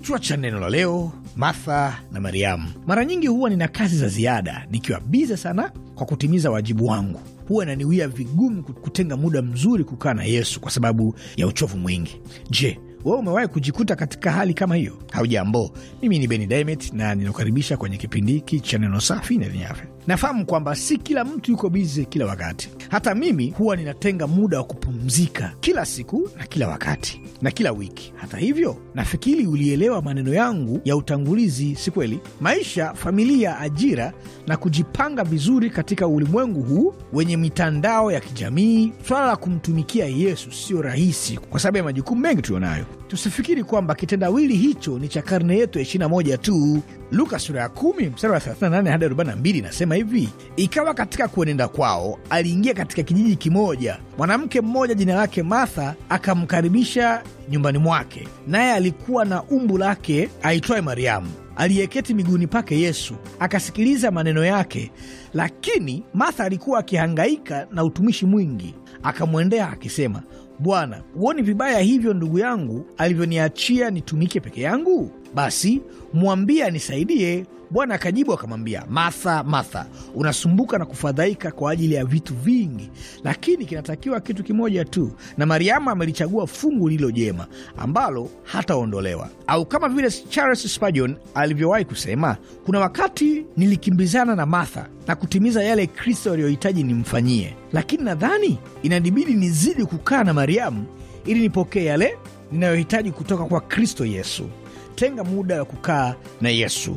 Kichwa cha neno la leo: Martha na Mariamu. Mara nyingi huwa nina kazi za ziada, nikiwa bize sana kwa kutimiza wajibu wangu, huwa inaniwia vigumu kutenga muda mzuri kukaa na Yesu kwa sababu ya uchovu mwingi. Je, wewe umewahi kujikuta katika hali kama hiyo? Haujambo, mimi ni Beni Dimet na ninakukaribisha kwenye kipindi hiki cha neno safi na lenye afya. Nafahamu kwamba si kila mtu yuko bize kila wakati. Hata mimi huwa ninatenga muda wa kupumzika kila siku na kila wakati na kila wiki. Hata hivyo, nafikiri ulielewa maneno yangu ya utangulizi, si kweli? Maisha, familia, ajira na kujipanga vizuri katika ulimwengu huu wenye mitandao ya kijamii, swala la kumtumikia Yesu siyo rahisi kwa sababu ya majukumu mengi tuliyonayo. Tusifikiri kwamba kitendawili hicho ni cha karne yetu ya 21 tu. Luka sura ya 10 mstari wa 38 hadi 42 anasema hivi: ikawa katika kuenenda kwao aliingia katika kijiji kimoja, mwanamke mmoja jina lake Martha akamkaribisha nyumbani mwake, naye alikuwa na umbu lake aitwaye Mariamu aliyeketi miguuni pake Yesu akasikiliza maneno yake. Lakini Martha alikuwa akihangaika na utumishi mwingi, akamwendea akisema, Bwana, huoni vibaya hivyo ndugu yangu alivyoniachia nitumike peke yangu? Basi mwambie anisaidie. Bwana akajibu akamwambia, Martha, Martha, unasumbuka na kufadhaika kwa ajili ya vitu vingi, lakini kinatakiwa kitu kimoja tu, na Mariamu amelichagua fungu lililo jema ambalo hataondolewa. Au kama vile Charles Spurgeon alivyowahi kusema, kuna wakati nilikimbizana na Martha na kutimiza yale Kristo aliyohitaji nimfanyie, lakini nadhani inanibidi nizidi kukaa na Mariamu ili nipokee yale ninayohitaji kutoka kwa Kristo Yesu. Tenga muda wa kukaa na Yesu